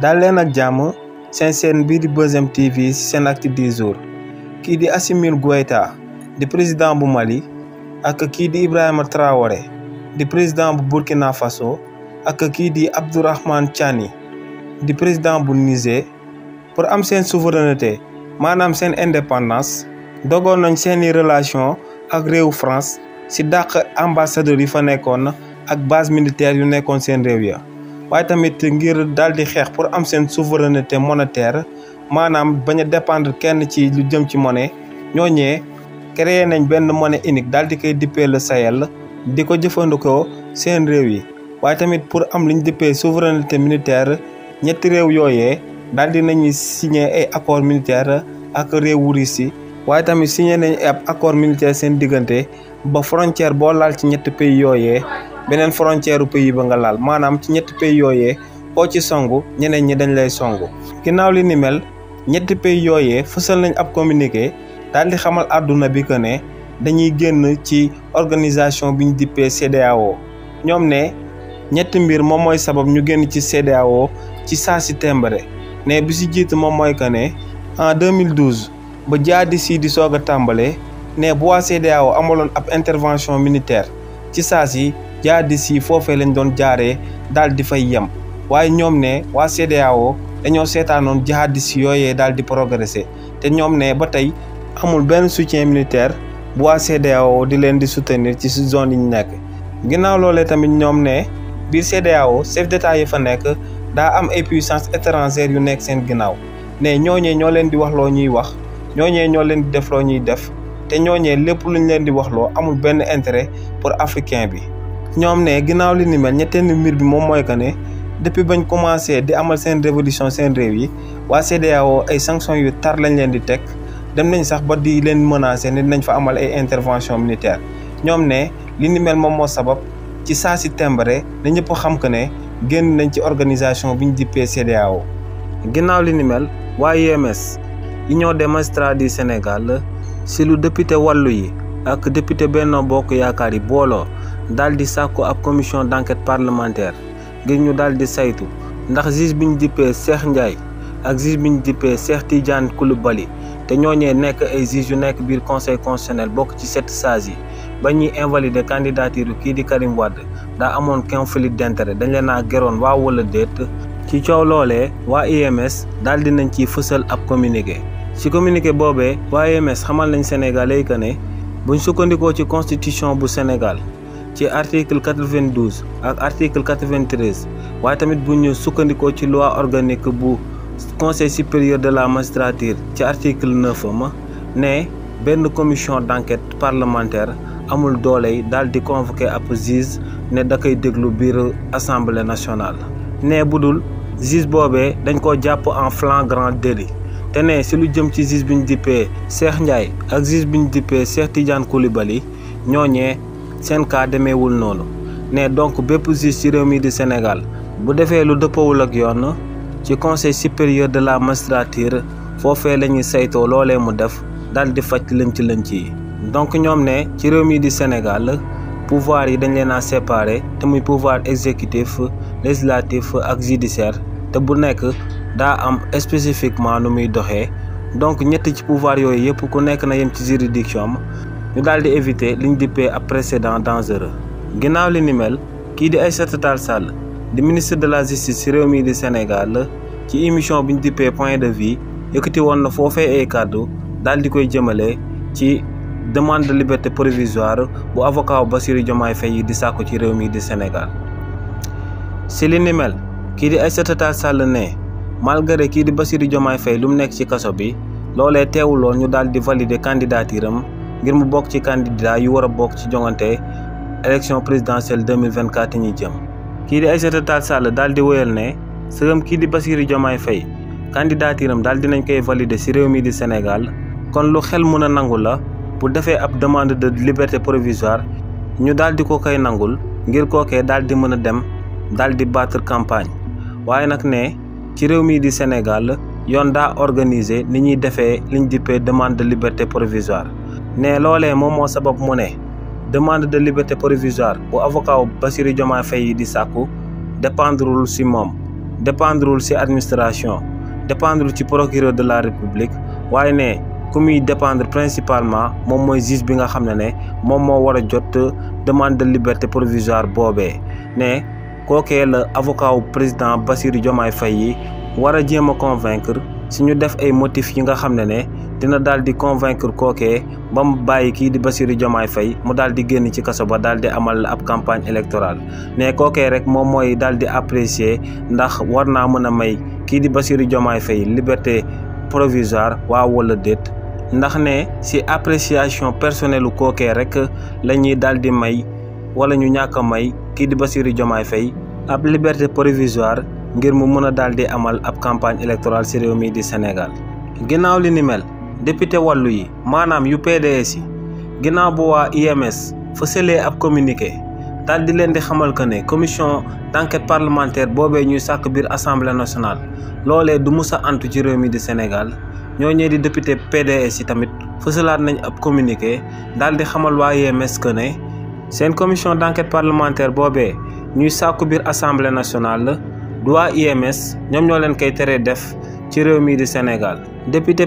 daal leen ak jàmm seen seen biir di Buzz M TV seen acte du jour kii di Assimile Goïta di président bu Mali ak kii di Ibrahima Traoré di président bu Burkina Faso ak kii di Abdourahmane Tiani di président bu Niger pour am seen souveraineté maanaam seen indépendance dogoon nañ seeni relation ak réewu France ci daq ambassadeur yi fa nekkoon ak base militaire yu nekkoon seen réew ya waaye tamit ngir daal di xeex pour am seen souveraineté monétaire maanaam bañ a kenn ci lu jëm ci moné ñooñee créé nañ benn monnaie unique daal di koy dippee le Sahel di ko jëfandikoo seen réew yi waaye tamit pour am li ñu dippee souveraineté militaire ñetti réew yooyee daal di nañu signé ay accord militaire ak réew réewu yi waaye tamit signé nañ ab accord militaire seen diggante ba frontière boo laal ci ñetti pays yooyee beneen frontière pays ba nga laal maanaam ci ñetti pays yooyee koo ci songu ñeneen ñi dañu lay songu ginnaaw li ni mel ñetti pays yooyee fësal nañ ab communiqué daal di xamal àdduna bi que ne dañuy génn ci organisation bi ñu dippee CEDEAO ñoom ne ñetti mbir moom mooy sabab ñu génn ci CEDEAO ci saa si tembare ne bi si jiitu moom mooy que ne en 2012 ba jaadi sii di soog a tàmbale ne bu waa CEDEAO amaloon ab intervention militaire ci saa si jihadistes yi foofee lañ doon jaaree daal di fay yem waaye ñoom ne waa CEDEAO dañoo seetaanoon jihadistes yooyee daal di progresser te ñoom ne ba tey amul benn soutien militaire bu waa CEDEAO di leen di soutenir ci zone yi ñu nekk. ginnaaw loole tamit ñoom ne biir CEDEAO chef d'état yi fa nekk daa am ay puissances étrangères yu nekk seen ginnaaw ne ñooñee ñoo leen di waxloo ñuy wax ñooñee ñoo leen di def loo ñuy def te ñooñee lépp lu ñu leen di waxloo amul benn intérêt pour africain bi. ñoom ne ginnaaw li ni mel ñetteelu mbir bi moom mooy que ne depuis bañ commencé di amal seen révolution seen réew yi waa CEDEAO ay sanctions yu tar lañ leen di teg dem nañ sax ba di leen menacer ne dinañ fa amal ay intervention militaire ñoom ne li mel moom moo sabab ci saa si tembare na xam que ne génn nañ ci organisation bi ñu dippee CEDEAO ginnaaw li ni mel waa UMS Union des magistrats du Sénégal si lu député wàllu yi ak député benn Bokk Yaakaar yi booloo daldi sako ab commission d'enquête parlementaire ngir ñu daldi saytu ndax juge biñu ñu Cheikh Ndiaye ak juge biñu ñu Cheikh Tidiane koulibaly té ñooñee nek ay juge yu nek biir conseil constitutionnel bok ci sept sages yi ba invalider candidature kii di Karim Wade da amone conflit d'intérêt dañ leena a wa wala ci ciow lolé wa IMS daldi nañ ci fësal ab communiqué ci communiqué bobé wa IMS xamal nañ Sénégalais que buñ sukkandiko ci constitution bu Sénégal ci article 92 ak article 93 waaye tamit bu ñu sukkandiko ci loi organique bu conseil supérieur de la magistrature ci article 9 ma ne ben commission d'enquête parlementaire amul doley dal di convoquer ap juge ne da kay déglu bir assemblée nationale. ne budul juge dañ ko japp en flagrant délit te ne si lu jëm ci juge bi dippé Cheikh Ndiaye ak juge bi dippé Cheikh Tidiane Koulibaly seen cas demeewul noonu ne donc bépp juge ci réew mi di Sénégal bu defee lu dëppawul ak yoon ci conseil supérieur de la magistrature foofee la ñuy saytoo loolee mu def daal di faj lënc-lënc yi donc ñoom ne ci réew mi di Sénégal pouvoir yi dañ leen a séparé te muy pouvoir exécutif législatif ak judiciaire te bu nekk daa am spécifiquement nu muy doxee donc ñett ci pouvoir yooyu yëpp ku nekk na yem ci juridiction am ñu daal di éviter liñ dippee ab précédent dangereux ginnaaw li ni mel kii di ay Tall Sall di ministre de la justice ci réew mii di Sénégal ci émission bi ñu dippee point de vie yëkkati woon na foofee ay kàddu daal di koy jëmale ci demande de liberté provisoire bu avocat Bassirou Diomaye Faye yi di sàkku ci réew mii di Sénégal si li ni kii di ay Tall Sall ne malgré kii di Bassirou Diomaye Faye lu mu nekk ci kaso bi loolee teewuloon ñu daal di valider candidature ngir mu bokk ci candidat yu war a bokk ci joŋante élection présidentielle 2024 yi ñuy jëm. kii di Aïssata Tall Sall daal di woyal ne sëgam kii di Bassirou Diomaye Faye candidature am daal dinañ koy valider ci réew mii di Sénégal kon lu xel mën a nangu la bu defee ab demande de liberté provisoire ñu daal di ko koy nangul ngir kookee daal di mën a dem daal di battre campagne waaye nag ne ci réew mii di Sénégal yoon daa organiser ni ñuy defee liñ dippee demande de liberté provisoire. ne loolee moom moo sabab mu ne demande de liberté provisoire bu avocat wu Bassirou Diomaye Faye yi di sàkku dépendrewul ci moom dépendrewul ci administration dépendrewul ci procureur de la république waaye ne ku muy dépendre principalement moom mooy juge bi nga xam ne ne moom moo war a jot demande de liberté provisoire boobee ne kookee la avocat wu président Bassirou Diomaye fay yi war a jéem a convaincre si ñu def ay motifs yi nga xam ne ne dina daldi convaincre koké bam baye ki di Bassirou jomay fay mu daldi génn ci kasso ba daldi amal ab campagne électorale né koké rek mom moy daldi apprécier ndax warna mëna may ki di Bassirou jomay fay liberté provisoire wa wala déet ndax né ci appréciation personnelle koké rek lañuy daldi may wala ñu ñàkk may ki di Bassirou jomay fay ab liberté provisoire ngir mu mëna daldi amal ab campagne électorale ci réew mi di Sénégal ginnaaw li ni mel député wàllu yi maanaam yu PDS yi ginnaaw bu waa UMS fësalee ab communiqué daal di leen di xamal que ne commission d'enquête parlementaire boobee ñuy sàkk biir assemblée nationale loolee du musa antu ci réew mi di Sénégal ñoo ñee di député PDS yi tamit fësalaat nañ ab communiqué daal di xamal waa UMS que ne seen commission d'enquête parlementaire boobee ñuy sàkku biir assemblée nationale du waa UMS ñoom ñoo leen koy teree def ci réew mii di Sénégal député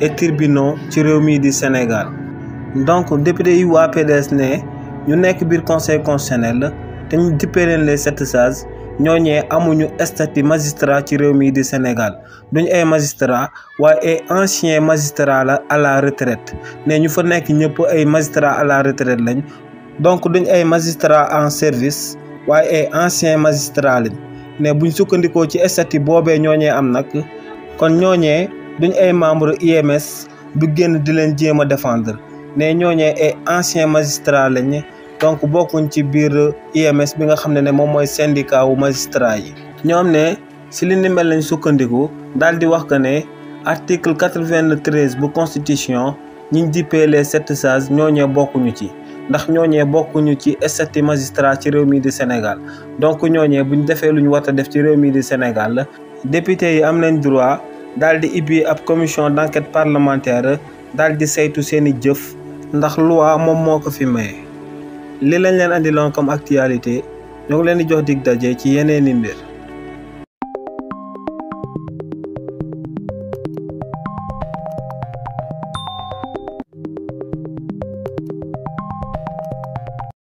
et tribunaux ci réew mii di Sénégal donc député yi waa PDS ne ñu nekk biir conseil constitutionnel te ñu dippee leen les sept sages ñooñee amuñu statut magistrat ci réew mii di Sénégal duñ ay magistrat waaye ay ancien magistrat la à la retraite ne ñu fa nekk ñëpp ay magistrat à la retraite lañ donc duñ ay magistrat en service waaye ay ancien magistrat lañ bu buñ sukkandikoo ci statut boobee ñooñee am nag kon ñooñee duñ ay membre UMS bu génn di leen jéem a défendre ne ñooñee ay ancien magistrat lañ donc bokkuñ ci biir UMS bi nga xam ne ne moom mooy syndicat wu magistrat yi ñoom ne si li ni mel sukkandiku daal di wax que ne article quatre-vingt-treize bu constitution ñiñ dippee les sept sages ñooñee bokkuñu ci ndax ñooñee bokkuñu ci statut magistrat ci réew mii di Sénégal donc ñooñee buñ defee lu ñu war def ci réew mii di Sénégal député yi am nañ droit daal di ibbi ab commission d'enquête parlementaire daal di saytu seeni jëf ndax luwaa moom moo ko fi maye li lañ leen andiloon comme actualité ñoo ngi leen di jox dig daje ci yeneeni mbir